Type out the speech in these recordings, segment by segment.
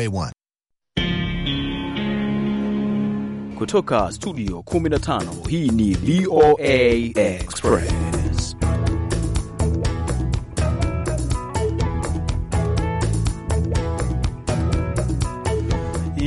A1. Kutoka studio 15 hii ni VOA Express.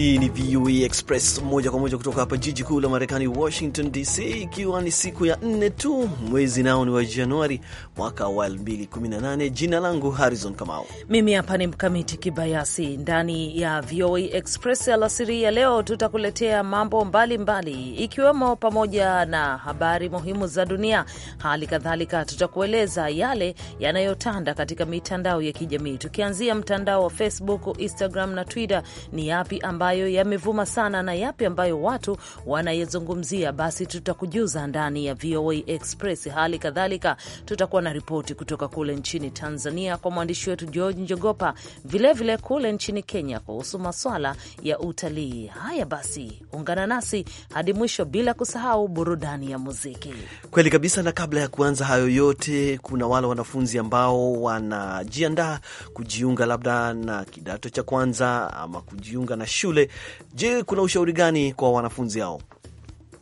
Hii ni VOA Express moja kwa moja kutoka hapa jiji kuu la Marekani, Washington DC, ikiwa ni siku ya nne tu, mwezi nao ni wa Januari mwaka wa 2018. Jina langu Harrison Kamau, mimi hapa ni Mkamiti Kibayasi. Ndani ya VOA Express alasiri ya leo tutakuletea mambo mbalimbali, ikiwemo pamoja na habari muhimu za dunia. Hali kadhalika tutakueleza yale yanayotanda katika mitandao ya kijamii, tukianzia mtandao wa Facebook, Instagram na Twitter. Ni yapi ambayo ambayo yamevuma sana na yapi ambayo watu wanayezungumzia, basi tutakujuza ndani ya VOA Express. Hali kadhalika tutakuwa na ripoti kutoka kule nchini Tanzania kwa mwandishi wetu George Njogopa, vilevile vile kule nchini Kenya kuhusu maswala ya utalii. Haya basi, ungana nasi hadi mwisho, bila kusahau burudani ya muziki. Kweli kabisa, na kabla ya kuanza hayo yote, kuna wale wanafunzi ambao wanajiandaa kujiunga labda na kidato cha kwanza ama kujiunga na shule shule. Je, kuna ushauri gani kwa wanafunzi hao?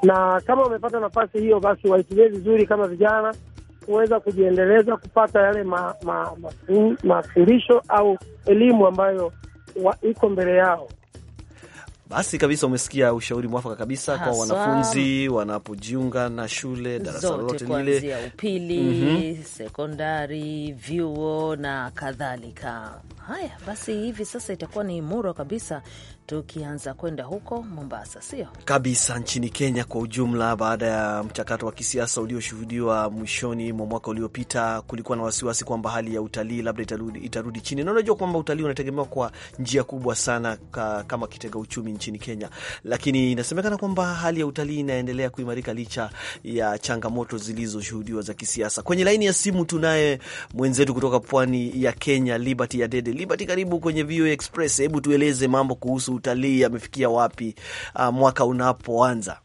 Na kama wamepata nafasi hiyo, basi waitumie vizuri kama vijana kuweza kujiendeleza, kupata yale mafundisho ma, ma, ma, au elimu ambayo iko mbele yao. Basi kabisa, umesikia ushauri mwafaka kabisa kwa wanafunzi wanapojiunga na shule, darasa lolote lile, upili, mm -hmm. sekondari, vyuo na kadhalika. Haya basi, hivi sasa itakuwa ni muro kabisa tukianza kwenda huko Mombasa, sio kabisa nchini Kenya kwa ujumla. Baada ya mchakato wa kisiasa ulioshuhudiwa mwishoni mwa mwaka uliopita, kulikuwa na wasiwasi kwamba hali ya utalii labda itarudi, itarudi chini, na unajua kwamba utalii unategemewa kwa njia kubwa sana ka, kama kitega uchumi nchini Kenya, lakini inasemekana kwamba hali ya utalii inaendelea kuimarika licha ya changamoto zilizoshuhudiwa za kisiasa. Kwenye laini ya simu tunaye mwenzetu kutoka pwani ya Kenya, Liberty Adede. Liberty, karibu kwenye VOA Express. Hebu tueleze mambo kuhusu utalii amefikia wapi uh, mwaka unapoanza?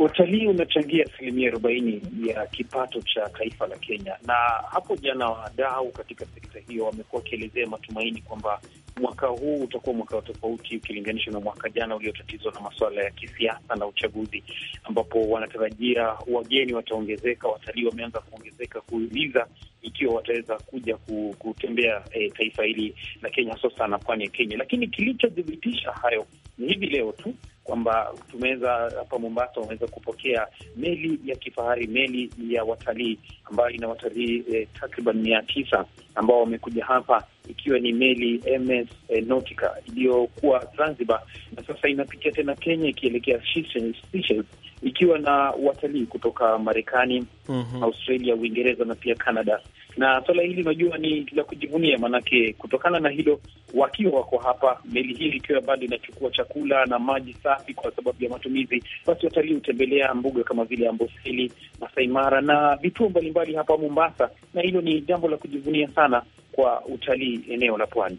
Utalii unachangia asilimia arobaini ya kipato cha taifa la Kenya, na hapo jana wadau katika sekta hiyo wamekuwa wakielezea matumaini kwamba mwaka huu utakuwa mwaka wa tofauti ukilinganishwa na mwaka jana uliotatizwa na masuala ya kisiasa na uchaguzi, ambapo wanatarajia wageni wataongezeka, watalii wameanza kuongezeka, kuuliza ikiwa wataweza kuja kutembea e, taifa hili la Kenya, hasa sana pwani ya Kenya. Lakini kilichothibitisha hayo ni hivi leo tu kwamba tumeweza hapa Mombasa wameweza kupokea meli ya kifahari, meli ya watalii ambayo ina watalii eh, takriban mia tisa ambao wamekuja hapa ikiwa ni meli MS eh, Nautica iliyokuwa Zanzibar na sasa inapitia tena Kenya ikielekea ikiwa na watalii kutoka Marekani, mm -hmm. Australia, Uingereza na pia Canada na swala hili unajua ni la kujivunia, maanake kutokana na hilo wakiwa wako hapa, meli hii ikiwa bado inachukua chakula na maji safi kwa sababu ya matumizi, basi watalii hutembelea mbuga kama vile Amboseli, Masai Mara na vituo mbalimbali hapa Mombasa, na hilo ni jambo la kujivunia sana kwa utalii eneo la pwani.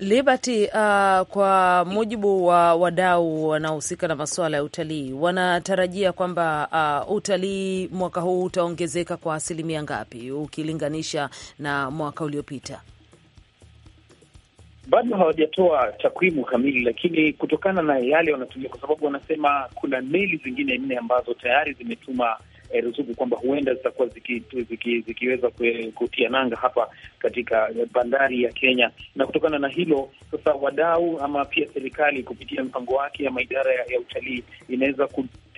Liberty, uh, kwa mujibu wa wadau wanaohusika na masuala ya utalii wanatarajia kwamba uh, utalii mwaka huu utaongezeka kwa asilimia ngapi ukilinganisha na mwaka uliopita? Bado hawajatoa takwimu kamili, lakini kutokana na yale wanatumia, kwa sababu wanasema kuna meli zingine nne ambazo tayari zimetuma eh, ruzuku kwamba huenda zitakuwa ziki, ziki, zikiweza kutia nanga hapa katika eh, bandari ya Kenya. Na kutokana na hilo sasa, wadau ama pia serikali kupitia mpango wake ama idara ya, ya utalii inaweza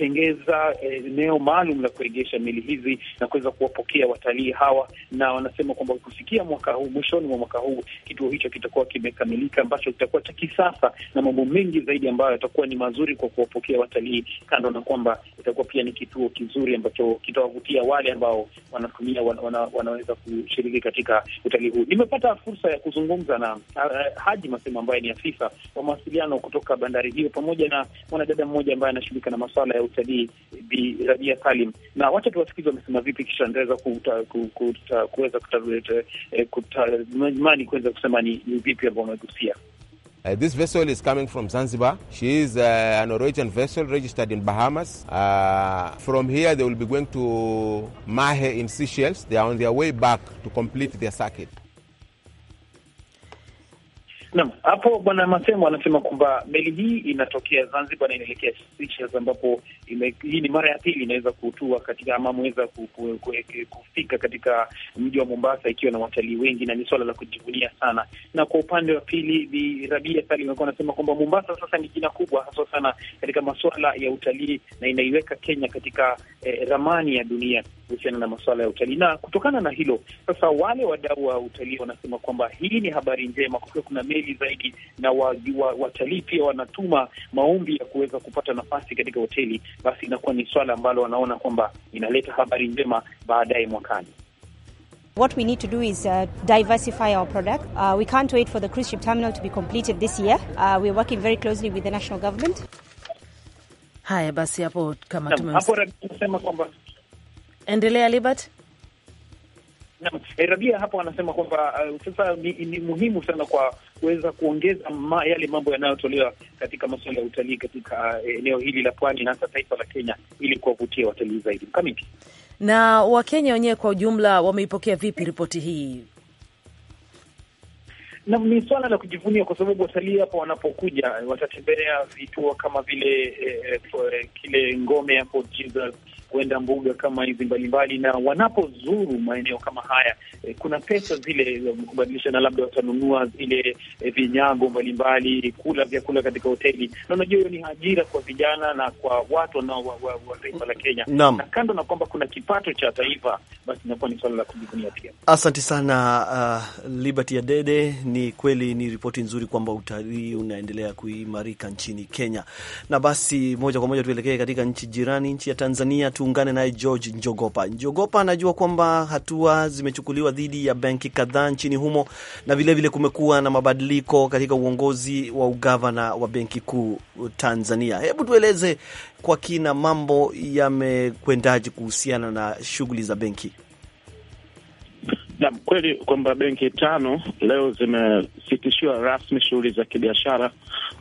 wametengeza eh, eneo maalum la kuegesha meli hizi na kuweza kuwapokea watalii hawa, na wanasema kwamba kufikia mwaka huu, mwishoni mwa mwaka huu, kituo hicho kitakuwa kimekamilika, ambacho kitakuwa cha kisasa na mambo mengi zaidi ambayo yatakuwa ni mazuri kwa kuwapokea watalii, kando na kwamba itakuwa pia ni kituo kizuri ambacho kitawavutia wale ambao wanatumia wana, wana, wanaweza kushiriki katika utalii huu. Nimepata fursa ya kuzungumza na uh, Haji Masema ambaye ni afisa wa mawasiliano kutoka bandari hiyo, pamoja na mwanadada mmoja ambaye anashughulika na masuala ya cha Bi Rabia Salim, na wacha tuwasikizi wamesema vipi, kisha nitaweza kuweza kutamani eh, kuweza kusema ni vipi ambao wamegusia. Uh, this vessel is coming from Zanzibar. She is uh, an Norwegian vessel registered in Bahamas. Uh, from here, they will be going to Mahe in Seychelles. They are on their way back to complete their circuit. Naam, hapo bwana Masemo anasema kwamba meli hii inatokea Zanzibar na inaelekea Seychelles, ambapo hii ni mara ya pili inaweza kutua katika ama ameweza kufika katika mji wa Mombasa ikiwa na watalii wengi, na ni swala la kujivunia sana. Na kwa upande wa pili, Bi Rabia Salim amekuwa anasema kwamba Mombasa sasa ni jina kubwa haswa sana katika masuala ya utalii na inaiweka Kenya katika eh, ramani ya dunia kuhusiana na masuala ya utalii. Na kutokana na hilo sasa, wale wadau wa utalii wanasema kwamba hii ni habari njema kwa kuna meli Kiswahili zaidi, na watalii wa, wa pia wanatuma maombi ya kuweza kupata nafasi katika hoteli, basi inakuwa ni swala ambalo wanaona kwamba inaleta habari njema baadaye mwakani. What we need to do is uh, diversify our product. Uh, we can't wait for the cruise ship terminal to be completed this year. Uh, we're working very closely with the national government. Haya basi hapo kama tumesema kwamba endelea Libert. Naam, eh, Rabia hapo anasema kwamba uh, sasa ni, ni muhimu sana kwa kuweza kuongeza ma, yale mambo yanayotolewa katika masuala ya utalii katika eh, eneo uh, hili la pwani na hasa taifa la Kenya ili kuwavutia watalii zaidi. Mkamiti, na Wakenya wenyewe kwa ujumla wameipokea vipi ripoti hii? Na ni swala la kujivunia kwa sababu watalii hapa wanapokuja watatembelea vituo kama vile eh, eh kile ngome hapo Jesus kwenda mbuga kama hizi mbalimbali, na wanapozuru maeneo kama haya e, kuna pesa zile kubadilisha, na labda watanunua zile e, vinyago mbalimbali, kula vyakula katika hoteli, na unajua hiyo ni ajira kwa vijana na kwa watu wanao wa, wa, wa taifa la Kenya Nam. na kando na kwamba kuna kipato cha taifa, basi inakuwa ni swala la kujivunia pia. Asante sana uh, Liberty Adede. Ni kweli ni ripoti nzuri kwamba utalii unaendelea kuimarika nchini Kenya, na basi moja kwa moja tuelekee katika nchi jirani, nchi ya Tanzania tu tuungane naye George Njogopa. Njogopa anajua kwamba hatua zimechukuliwa dhidi ya benki kadhaa nchini humo na vilevile kumekuwa na mabadiliko katika uongozi wa ugavana wa benki kuu Tanzania. Hebu tueleze kwa kina mambo yamekwendaje kuhusiana na shughuli za benki? Naam, kweli kwamba benki tano leo zimesitishiwa rasmi shughuli za kibiashara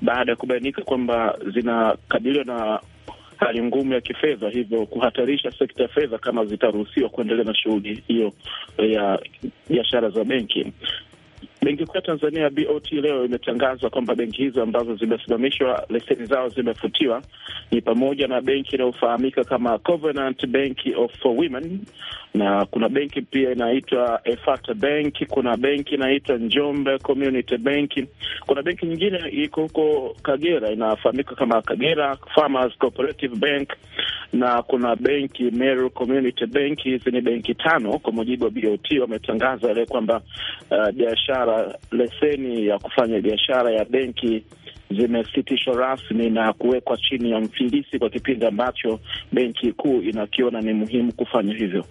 baada ya kubainika kwamba zinakabiliwa na hali ngumu ya kifedha, hivyo kuhatarisha sekta ya fedha kama zitaruhusiwa kuendelea na shughuli hiyo ya biashara za benki. Benki Kuu ya Tanzania BOT leo imetangaza kwamba benki hizo ambazo zimesimamishwa leseni zao zimefutiwa ni pamoja na benki inayofahamika kama Covenant Bank of Women, na kuna benki pia inaitwa Efata Bank, kuna benki inaitwa Njombe Community Bank, kuna benki nyingine iko huko Kagera inafahamika kama Kagera Farmers Cooperative Bank na kuna benki Meru Community Bank. Hizi ni benki tano kwa mujibu wa BOT, wametangaza leo kwamba uh, biashara uh, biashara, leseni ya kufanya biashara ya benki zimesitishwa rasmi na kuwekwa chini ya mfilisi kwa kipindi ambacho benki kuu inakiona ni muhimu kufanya hivyo.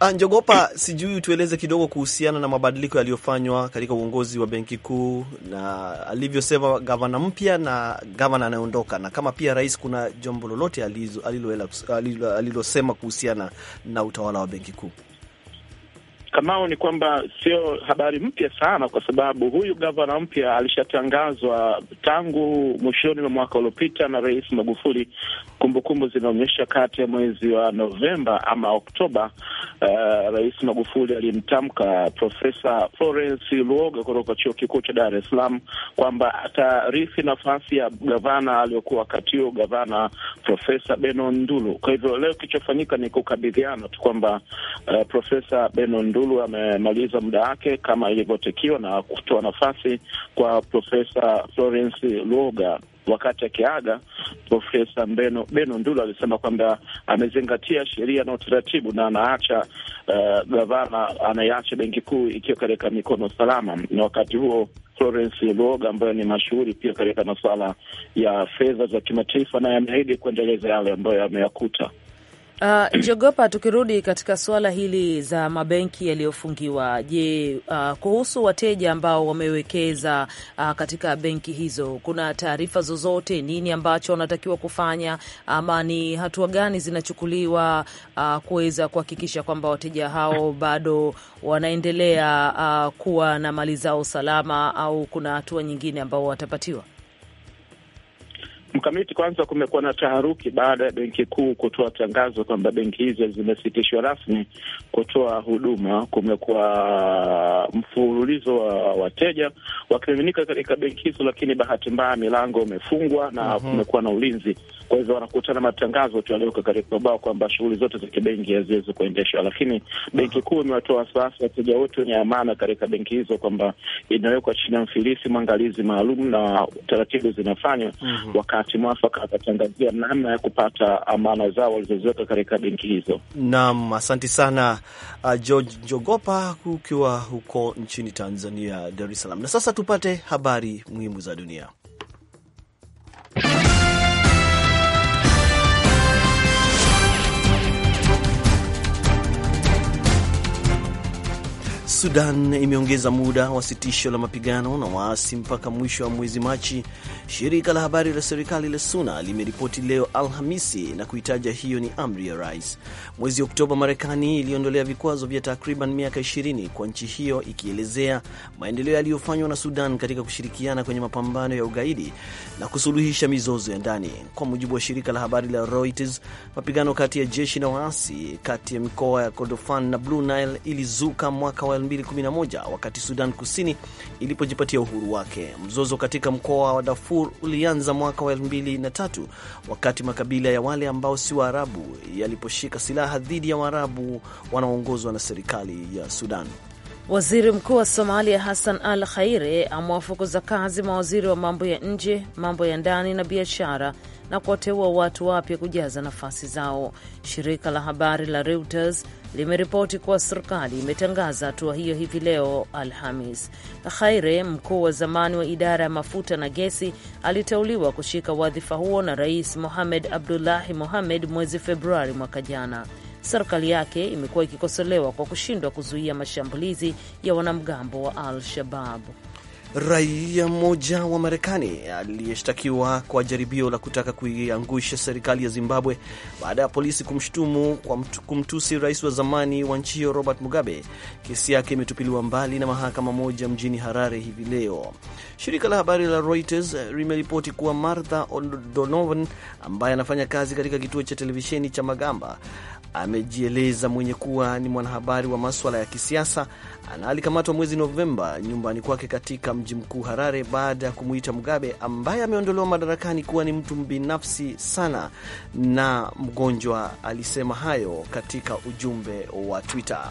Ah, Njogopa, sijui tueleze kidogo kuhusiana na mabadiliko yaliyofanywa katika uongozi wa benki kuu na alivyosema gavana mpya na gavana anayeondoka, na kama pia rais, kuna jambo lolote alilosema kuhusiana na utawala wa benki kuu? Kamao, ni kwamba sio habari mpya sana, kwa sababu huyu gavana mpya alishatangazwa tangu mwishoni mwa mwaka uliopita na Rais Magufuli. Kumbukumbu zinaonyesha kati ya mwezi wa Novemba ama Oktoba, uh, Rais Magufuli alimtamka Profesa Florence Luoga kutoka chuo kikuu cha Dar es Salaam kwamba atarithi nafasi ya gavana aliyokuwa wakati huo gavana Profesa Beno Ndulu. Kwa hivyo leo kilichofanyika ni kukabidhiana tu kwamba uh, Profesa Beno Ndulu Lulu amemaliza muda wake kama ilivyotakiwa na kutoa nafasi kwa Profesa Florence Luoga. Wakati akiaga, Profesa Beno Ndulu alisema kwamba amezingatia sheria na utaratibu na anaacha eh, gavana, uh, benki kuu ikiwa katika mikono salama. Na wakati huo Florence Luoga ambaye ni mashuhuri pia katika masuala ya fedha za kimataifa, naye ameahidi kuendeleza yale ambayo ameyakuta. Uh, Jogopa, tukirudi katika suala hili za mabenki yaliyofungiwa, je, uh, kuhusu wateja ambao wamewekeza uh, katika benki hizo, kuna taarifa zozote? Nini ambacho wanatakiwa kufanya, ama ni hatua gani zinachukuliwa uh, kuweza kuhakikisha kwamba wateja hao bado wanaendelea uh, kuwa na mali zao salama, au kuna hatua nyingine ambao watapatiwa? Mkamiti, kwanza kumekuwa na taharuki baada ya benki kuu kutoa tangazo kwamba benki hizo zimesitishwa rasmi kutoa huduma. Kumekuwa mfululizo wa wateja wakimiminika katika benki hizo, lakini bahati mbaya milango imefungwa na mhm. kumekuwa na ulinzi kwa hivyo wanakutana matangazo tu yaliyoko katika ubao kwamba shughuli zote za kibenki haziwezi kuendeshwa, lakini benki kuu imewatoa wasiwasi wateja wote wenye amana katika benki hizo kwamba inawekwa chini ya mfilisi mwangalizi maalum na taratibu zinafanywa mhm. Wakati mwafaka atatangazia namna ya kupata amana zao walizoziweka katika benki hizo. Naam, asante sana uh, George Jogopa ukiwa huko nchini Tanzania, Dar es Salaam. Na sasa tupate habari muhimu za dunia. Sudan imeongeza muda wa sitisho la mapigano na waasi mpaka mwisho wa mwezi Machi, shirika la habari la serikali la SUNA limeripoti leo Alhamisi na kuitaja hiyo ni amri ya rais. Mwezi Oktoba, Marekani iliondolea vikwazo vya takriban miaka 20 kwa nchi hiyo, ikielezea maendeleo yaliyofanywa na Sudan katika kushirikiana kwenye mapambano ya ugaidi na kusuluhisha mizozo ya ndani. Kwa mujibu wa shirika la habari la Reuters, mapigano kati ya jeshi na waasi kati ya mikoa ya Kordofan na Blue Nile ilizuka mwaka wa 2011 wakati Sudan Kusini ilipojipatia uhuru wake. Mzozo katika mkoa wa Darfur ulianza mwaka wa 2003 wakati makabila ya wale ambao si Waarabu yaliposhika silaha dhidi ya Waarabu wanaoongozwa na serikali ya Sudan. Waziri Mkuu wa Somalia Hassan Al Khaire amewafukuza kazi mawaziri wa mambo ya nje, mambo ya ndani na biashara na kuwateua watu wapya kujaza nafasi zao. Shirika la habari la Reuters limeripoti kuwa serikali imetangaza hatua hiyo hivi leo Alhamis. Khaire, mkuu wa zamani wa idara ya mafuta na gesi, aliteuliwa kushika wadhifa huo na Rais Mohamed Abdullahi Mohamed mwezi Februari mwaka jana. Serikali yake imekuwa ikikosolewa kwa kushindwa kuzuia mashambulizi ya wanamgambo wa Al Shabab. Raia mmoja wa Marekani aliyeshtakiwa kwa jaribio la kutaka kuiangusha serikali ya Zimbabwe baada ya polisi kumshutumu kwa kumtusi rais wa zamani wa nchi hiyo Robert Mugabe, kesi yake imetupiliwa mbali na mahakama moja mjini Harare hivi leo. Shirika la habari la Reuters limeripoti kuwa Martha donovan ambaye anafanya kazi katika kituo cha televisheni cha Magamba amejieleza mwenye kuwa ni mwanahabari wa maswala ya kisiasa na alikamatwa mwezi Novemba nyumbani kwake katika mji mkuu Harare baada ya kumuita Mugabe ambaye ameondolewa madarakani kuwa ni mtu binafsi sana na mgonjwa. Alisema hayo katika ujumbe wa Twitter.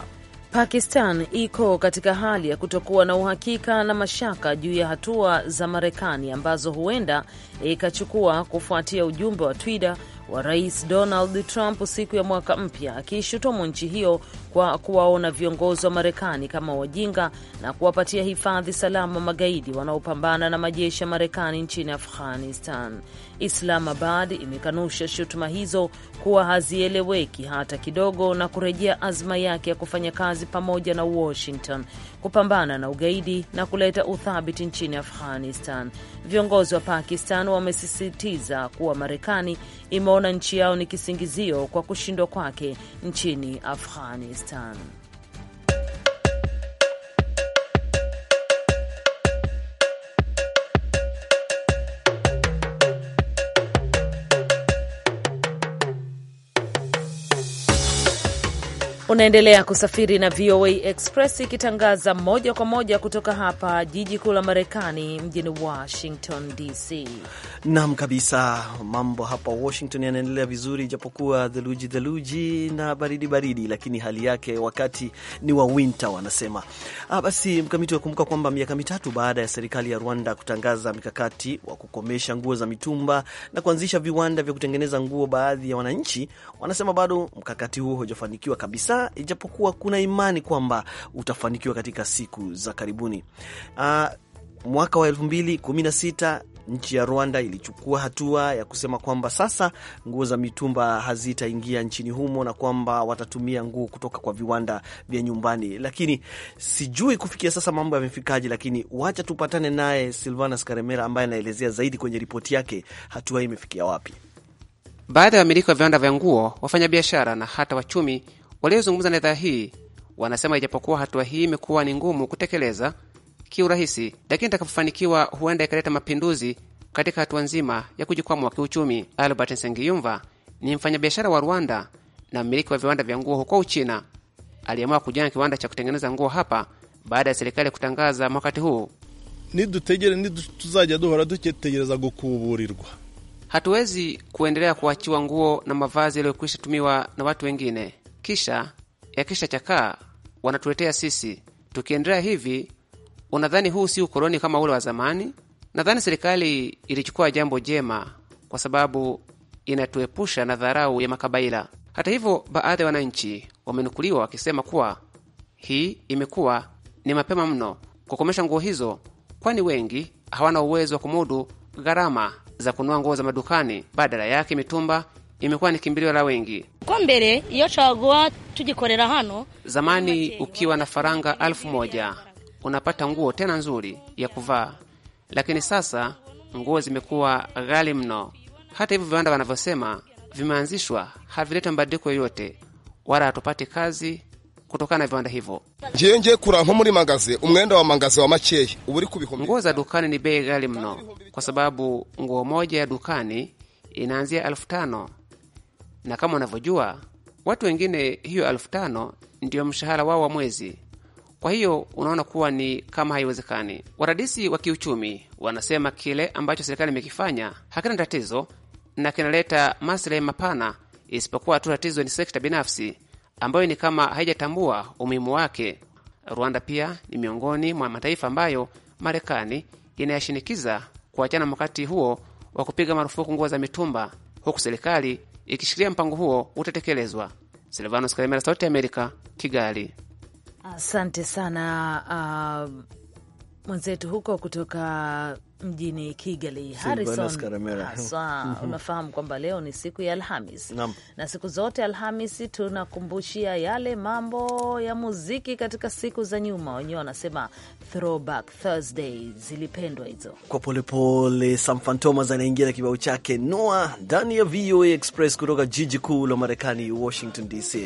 Pakistan iko katika hali ya kutokuwa na uhakika na mashaka juu ya hatua za Marekani ambazo huenda ikachukua kufuatia ujumbe wa Twitter wa Rais Donald Trump siku ya mwaka mpya, akiishutumu nchi hiyo kwa kuwaona viongozi wa Marekani kama wajinga na kuwapatia hifadhi salama magaidi wanaopambana na majeshi ya Marekani nchini Afghanistan. Islamabad imekanusha shutuma hizo kuwa hazieleweki hata kidogo na kurejea azma yake ya kufanya kazi pamoja na Washington kupambana na ugaidi na kuleta uthabiti nchini Afghanistan. Viongozi wa Pakistan wamesisitiza kuwa Marekani imeona nchi yao ni kisingizio kwa kushindwa kwake nchini Afghanistan. Unaendelea kusafiri na VOA Express ikitangaza moja kwa moja kutoka hapa jiji kuu la Marekani, mjini Washington DC. Naam kabisa, mambo hapa Washington yanaendelea vizuri, japokuwa theluji theluji na baridi baridi, lakini hali yake wakati ni wa winter wanasema. Ah, basi mkamiti wakumbuka kwamba miaka mitatu baada ya serikali ya Rwanda kutangaza mikakati wa kukomesha nguo za mitumba na kuanzisha viwanda vya kutengeneza nguo, baadhi ya wananchi wanasema bado mkakati huo hujafanikiwa kabisa ijapokuwa kuna imani kwamba utafanikiwa katika siku za karibuni. Uh, mwaka wa 2016 nchi ya Rwanda ilichukua hatua ya kusema kwamba sasa nguo za mitumba hazitaingia nchini humo na kwamba watatumia nguo kutoka kwa viwanda vya nyumbani, lakini sijui kufikia sasa mambo yamefikaje. Lakini wacha tupatane naye Silvanas Karemera ambaye anaelezea zaidi kwenye ripoti yake hatua hii imefikia wapi. Baadhi ya wamiliki wa viwanda vya nguo, wafanyabiashara na hata wachumi Waliozungumza na idhaa hii wanasema ijapokuwa hatua hii imekuwa ni ngumu kutekeleza kiurahisi, lakini itakapofanikiwa huenda ikaleta mapinduzi katika hatua nzima ya kujikwamua kiuchumi. Albert Nsengiyumva ni mfanyabiashara wa Rwanda na mmiliki wa viwanda vya nguo huko Uchina. Aliamua kujenga kiwanda cha kutengeneza nguo hapa baada ya serikali kutangaza wakati huu, tuzaja duhora dutegereza gukuburirwa, hatuwezi kuendelea kuachiwa nguo na mavazi yaliyokwisha tumiwa na watu wengine kisha chakaa wanatuletea sisi. Tukiendelea hivi, unadhani huu si ukoloni kama ule wa zamani? Nadhani serikali ilichukua jambo jema, kwa sababu inatuepusha na dharau ya makabaila. Hata hivyo, baadhi ya wananchi wamenukuliwa wakisema kuwa hii imekuwa ni mapema mno kukomesha nguo hizo, kwani wengi hawana uwezo wa kumudu gharama za kununua nguo za madukani. Badala yake, mitumba imekuwa ni kimbilio la wengi ko mbere iyo caguwa tujikorera hano. Zamani ukiwa na faranga alfu moja unapata nguo tena nzuri ya kuvaa, lakini sasa nguo zimekuwa ghali mno. Hata hivyo viwanda wanavyosema vimeanzishwa havileta mabadiliko yoyote, wala hatupati kazi kutokana na viwanda hivyo. Njenje kura nko muri magaze umwenda wa mangaze wa makeya uburi uri Nguo za dukani ni bei ghali mno, kwa sababu nguo moja ya dukani inaanzia elfu tano na kama unavyojua watu wengine hiyo elfu tano ndiyo mshahara wao wa mwezi. Kwa hiyo unaona kuwa ni kama haiwezekani. Waradisi wa kiuchumi wanasema kile ambacho serikali imekifanya hakina tatizo na kinaleta maslahi mapana, isipokuwa tu tatizo ni sekta binafsi ambayo ni kama haijatambua umuhimu wake. Rwanda pia ni miongoni mwa mataifa ambayo Marekani inayashinikiza kuachana mwakati huo wa kupiga marufuku nguo za mitumba, huku serikali ikishikilia mpango huo utatekelezwa. Silvanos Kalemera, Sauti ya Amerika, Kigali. Asante sana uh mwenzetu huko kutoka mjini Kigali, Harrison haswa. Unafahamu kwamba leo ni siku ya Alhamis na siku zote alhamis tunakumbushia yale mambo ya muziki katika siku za nyuma, wenyewe wanasema throwback Thursday, zilipendwa hizo kwa polepole. Sam Fantomas anaingia na kibao chake Noa ndani ya VOA Express kutoka jiji kuu la Marekani, Washington DC.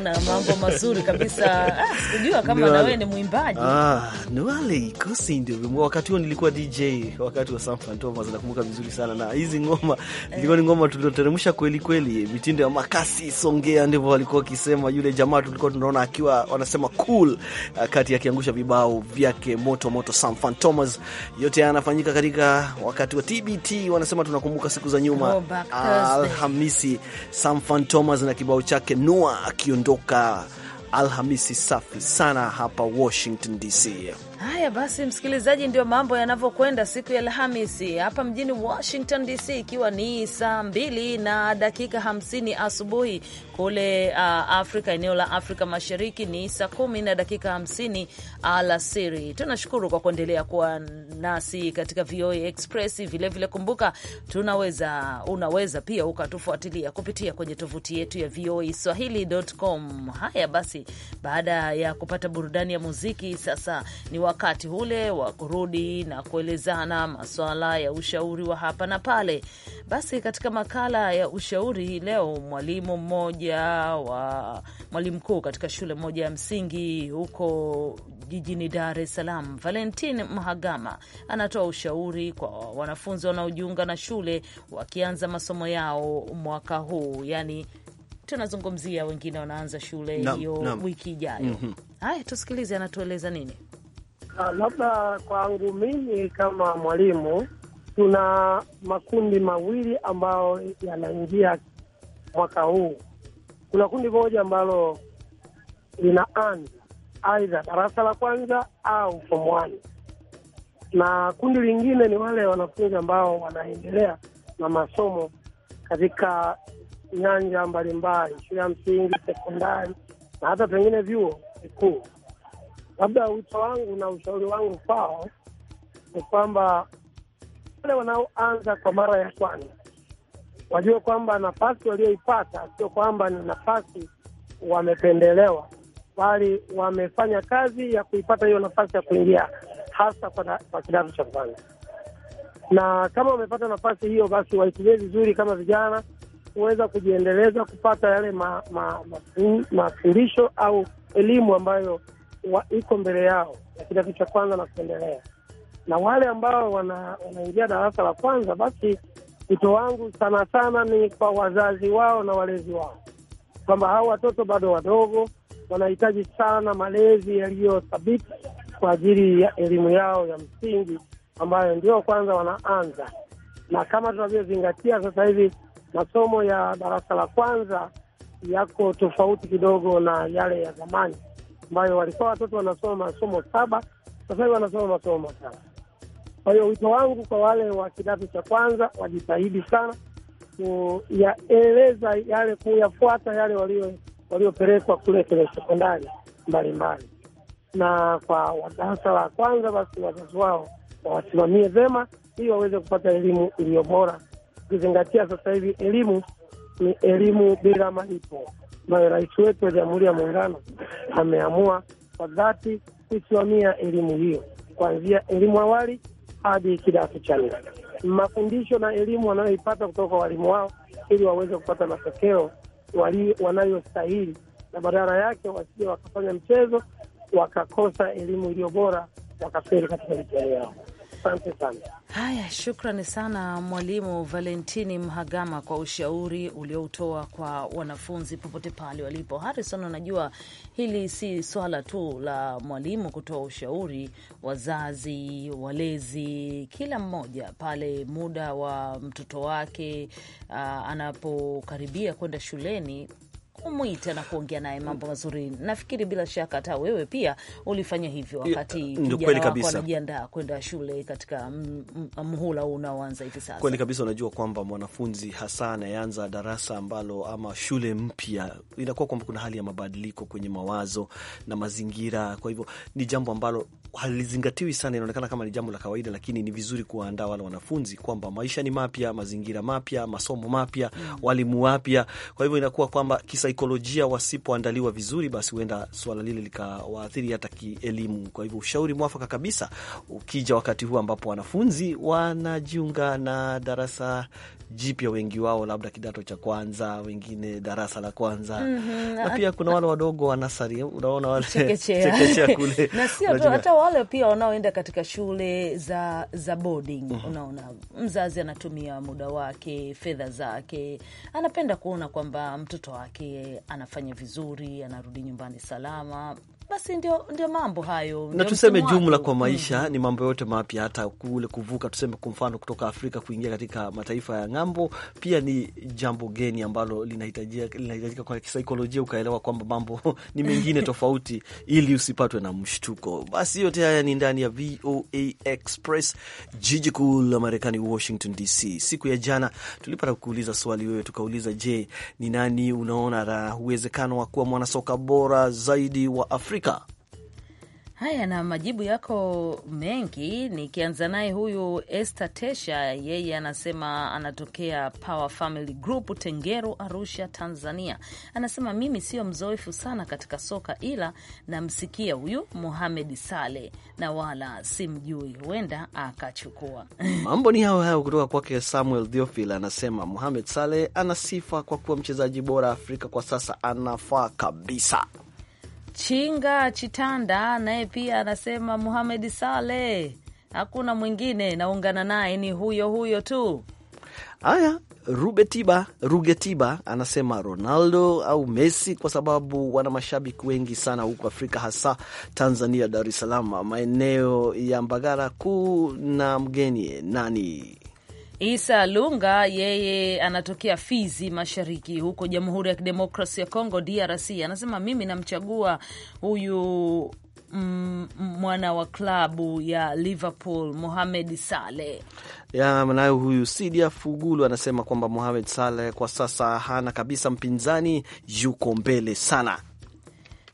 naona mambo mazuri kabisa. Ah, sikujua kama nawe ni mwimbaji. Ah, Noale Kosinde. Wakati huo nilikuwa DJ wakati wa San Fantomas, nakumbuka vizuri sana, na hizi ngoma zilikuwa ni ngoma tulioteremsha kweli kweli, mitindo ya makasi Songea, ndivyo walikuwa wakisema. Yule jamaa tulikuwa tunaona akiwa wanasema cool, kati akiangusha vibao vyake moto moto. San Fantomas, yote yanafanyika katika wakati wa TBT, wanasema tunakumbuka siku za nyuma, oh, Alhamisi. San na kibao chake Noa akiondoka Alhamisi safi sana hapa Washington DC. Haya basi, msikilizaji, ndio mambo yanavyokwenda siku ya Alhamisi hapa mjini Washington DC, ikiwa ni saa mbili na dakika hamsini asubuhi kule uh, Afrika, eneo la Afrika Mashariki ni saa kumi na dakika hamsini alasiri. Tunashukuru kwa kuendelea kuwa nasi katika VOA Express. Vilevile vile kumbuka, tunaweza unaweza pia ukatufuatilia kupitia kwenye tovuti yetu ya VOA Swahili.com. Haya basi, baada ya kupata burudani ya muziki, sasa ni wakati ule wa kurudi na kuelezana maswala ya ushauri wa hapa na pale. Basi katika makala ya ushauri hii leo, mwalimu mmoja wa mwalimu mkuu katika shule moja ya msingi huko jijini Dar es Salaam, Valentin Mhagama anatoa ushauri kwa wanafunzi wanaojiunga na shule wakianza masomo yao mwaka huu, yani tunazungumzia wengine wanaanza shule hiyo wiki ijayo. Mm -hmm. Haya, tusikilize anatueleza nini. Ah, labda kwangu mimi kama mwalimu, tuna makundi mawili ambayo yanaingia mwaka huu. Kuna kundi moja ambalo linaanza aidha darasa la kwanza au form one, na kundi lingine ni wale wanafunzi ambao wanaendelea na masomo katika nyanja mbalimbali, shule ya msingi, sekondari na hata pengine vyuo vikuu labda wito wangu na ushauri wangu kwao ni kwamba wale wanaoanza kwa mara ya kwanza wajue kwamba nafasi walioipata sio kwamba ni nafasi wamependelewa, bali wamefanya kazi ya kuipata hiyo nafasi ya kuingia hasa kwa kidato cha kwanza. Na kama wamepata nafasi hiyo, basi waitumie vizuri kama vijana kuweza kujiendeleza, kupata yale mafundisho ma, ma, ma, au elimu ambayo iko mbele yao ya kidato cha kwanza na kuendelea, na wale ambao wanaingia wana darasa la kwanza, basi wito wangu sana sana ni kwa wazazi wao na walezi wao kwamba hao watoto bado wadogo, wanahitaji sana malezi yaliyo thabiti kwa ajili ya elimu yao ya msingi ambayo ndio kwanza wanaanza, na kama tunavyozingatia sasa hivi masomo ya darasa la kwanza yako tofauti kidogo na yale ya zamani ambayo walikuwa watoto wanasoma masomo saba, sasa hivi wanasoma masomo matano. Kwa hiyo wito wangu kwa wale wa kidato cha kwanza wajitahidi sana kuyaeleza yale, kuyafuata yale waliopelekwa kule kwenye sekondari mbalimbali, na kwa darasa la kwanza basi wazazi wao wawasimamie vema ili waweze kupata elimu iliyo bora, ukizingatia sasa hivi elimu ni elimu bila malipo ambayo rais wetu wa Jamhuri ya Muungano ameamua kwa dhati kuisimamia elimu hiyo kuanzia elimu awali hadi kidato cha nne. Mafundisho na elimu wanayoipata kutoka kwa walimu wao, ili waweze kupata matokeo wanayostahili, na badala yake wasije wakafanya mchezo wakakosa elimu iliyo bora wakafeli katika mitihani yao. Asante sana. Haya, shukrani sana Mwalimu Valentini Mhagama kwa ushauri ulioutoa kwa wanafunzi popote pale walipo. Harrison, unajua hili si swala tu la mwalimu kutoa ushauri, wazazi, walezi, kila mmoja pale muda wa mtoto wake ah, anapokaribia kwenda shuleni kumwita na kuongea naye mambo mazuri. Nafikiri bila shaka hata wewe pia ulifanya hivyo wakati kijana wako anajiandaa kwenda shule katika mhula huu unaoanza hivi sasa. Kweli kabisa. Unajua kwamba mwanafunzi hasa anayeanza darasa ambalo ama shule mpya, inakuwa kwamba kuna hali ya mabadiliko kwenye mawazo na mazingira. Kwa hivyo ni jambo ambalo halizingatiwi sana, inaonekana kama ni jambo la kawaida, lakini ni vizuri kuwaandaa wale wanafunzi kwamba maisha ni mapya, mazingira mapya, masomo mapya, mm. walimu wapya. Kwa hivyo inakuwa kwamba kisa kisaikolojia wasipoandaliwa vizuri, basi huenda suala lile likawaathiri hata kielimu. Kwa hivyo ushauri mwafaka kabisa ukija wakati huu ambapo wanafunzi wanajiunga na darasa jipya, wengi wao labda kidato cha kwanza, wengine darasa la kwanza mm -hmm. na pia kuna wale wadogo wa nasari, unaona wale chekechea kule na sio hata wale pia wanaoenda katika shule za, za boarding mm -hmm. Unaona, mzazi anatumia muda wake, fedha zake, anapenda kuona kwamba mtoto wake anafanya vizuri, anarudi nyumbani salama, basi ndio, ndio mambo hayo, na tuseme jumla kwa mm. maisha mm. ni mambo yote mapya, hata kule kuvuka, tuseme kwa mfano kutoka Afrika kuingia katika mataifa ya ng'ambo, pia ni jambo geni ambalo linahitajika, linahitajika kwa kisaikolojia ukaelewa kwamba mambo ni mengine tofauti ili usipatwe na mshtuko. Basi yote haya ni ndani ya VOA Express, jiji kuu la Marekani, Washington DC. Siku ya jana tulipata kuuliza swali wewe, tukauliza, je, ni nani unaona na uwezekano wa kuwa mwanasoka bora zaidi wa Afrika Afrika. Haya, na majibu yako mengi, nikianza naye huyu Esther Tesha, yeye anasema anatokea Power Family Group, Tengeru, Arusha, Tanzania. Anasema mimi sio mzoefu sana katika soka, ila namsikia huyu Mohamed Saleh na wala simjui, huenda akachukua mambo. Ni hayo hayo kutoka kwake. Samuel Theophil anasema Mohamed Saleh ana sifa kwa kuwa mchezaji bora Afrika kwa sasa, anafaa kabisa. Chinga Chitanda naye pia anasema Muhamed Saleh, hakuna mwingine naungana naye, ni huyo huyo tu. Haya, Rubetiba Rugetiba anasema Ronaldo au Messi kwa sababu wana mashabiki wengi sana huko Afrika, hasa Tanzania, Dar es Salaam, maeneo ya Mbagara kuu na mgeni nani Isa Lunga yeye anatokea Fizi Mashariki, huko Jamhuri ya Kidemokrasi ya congo DRC. Anasema mimi namchagua huyu mm, mwana wa klabu ya Liverpool Mohamed Saleh. Nayo huyu Sidia Fugulu anasema kwamba Mohamed Saleh kwa sasa hana kabisa mpinzani, yuko mbele sana.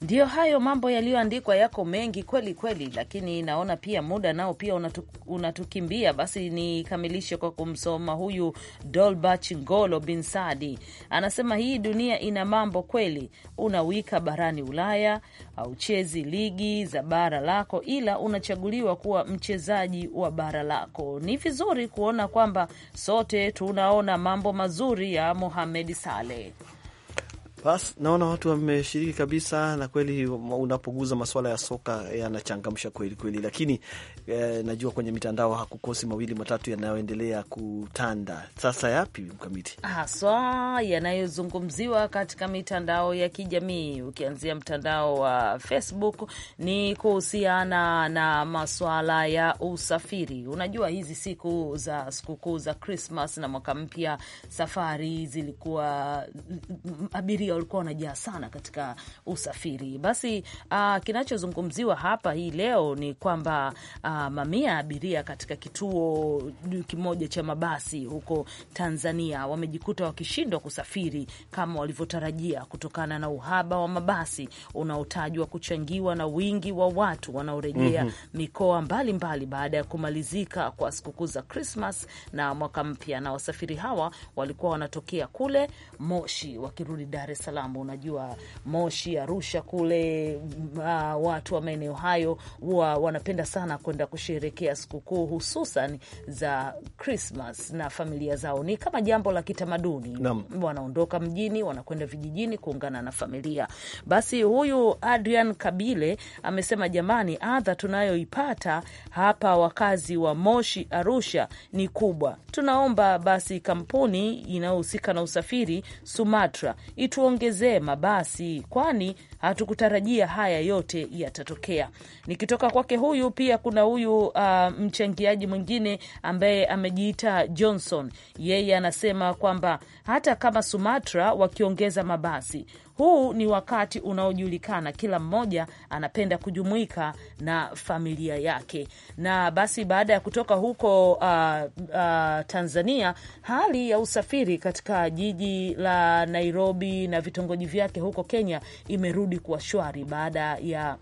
Ndiyo hayo mambo yaliyoandikwa yako mengi kweli kweli, lakini naona pia muda nao pia unatu, unatukimbia. Basi nikamilishe kwa kumsoma huyu Dolbach Ngolo Binsadi, anasema hii dunia ina mambo kweli. Unawika barani Ulaya, hauchezi ligi za bara lako, ila unachaguliwa kuwa mchezaji wa bara lako. Ni vizuri kuona kwamba sote tunaona mambo mazuri ya Mohamed Saleh. Basi naona watu wameshiriki kabisa, na kweli unapoguza masuala ya soka yanachangamsha kweli kweli, lakini eh, najua kwenye mitandao hakukosi mawili matatu yanayoendelea kutanda. Sasa yapi mkamiti haswa yanayozungumziwa katika mitandao ya kijamii, ukianzia mtandao wa Facebook ni kuhusiana na masuala ya usafiri. Unajua hizi siku za sikukuu za Krismas na mwaka mpya, safari zilikuwa abiria walikuwa wanajaa sana katika usafiri. Basi uh, kinachozungumziwa hapa hii leo ni kwamba uh, mamia ya abiria katika kituo kimoja cha mabasi huko Tanzania wamejikuta wakishindwa kusafiri kama walivyotarajia kutokana na uhaba wa mabasi unaotajwa kuchangiwa na wingi wa watu wanaorejea mm -hmm. mikoa mbalimbali mbali baada ya kumalizika kwa sikukuu za Krismas na mwaka mpya, na wasafiri hawa walikuwa wanatokea kule Moshi wakirudi Dar es Salaam. Unajua Moshi, Arusha kule, uh, watu wa maeneo hayo huwa wanapenda sana kwenda kusherekea sikukuu hususan za Krismas na familia zao, ni kama jambo la kitamaduni. Wanaondoka mjini wanakwenda vijijini kuungana na familia. Basi huyu Adrian Kabile amesema jamani, adha tunayoipata hapa wakazi wa Moshi, Arusha ni kubwa. Tunaomba basi kampuni inayohusika na usafiri SUMATRA itu tuongezee mabasi, kwani hatukutarajia haya yote yatatokea. Nikitoka kwake huyu, pia kuna huyu uh, mchangiaji mwingine ambaye amejiita Johnson. Yeye anasema kwamba hata kama Sumatra wakiongeza mabasi huu ni wakati unaojulikana, kila mmoja anapenda kujumuika na familia yake. Na basi baada ya kutoka huko uh, uh, Tanzania, hali ya usafiri katika jiji la Nairobi na vitongoji vyake huko Kenya imerudi kuwa shwari baada ya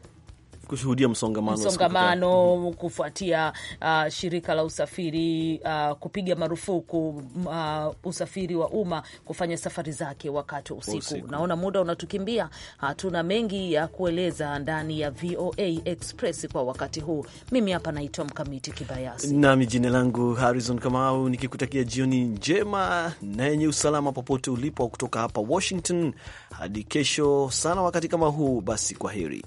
kushuhudia msongamano, msongamano kufuatia uh, shirika la usafiri uh, kupiga marufuku uh, usafiri wa umma kufanya safari zake wakati wa usiku. Usiku naona muda unatukimbia, hatuna mengi ya kueleza ndani ya VOA Express kwa wakati huu. Mimi hapa naitwa Mkamiti Kibayasi nami jina langu Harrison Kamau, nikikutakia jioni njema na yenye usalama popote ulipo, kutoka hapa Washington hadi kesho sana wakati kama huu. Basi kwa heri.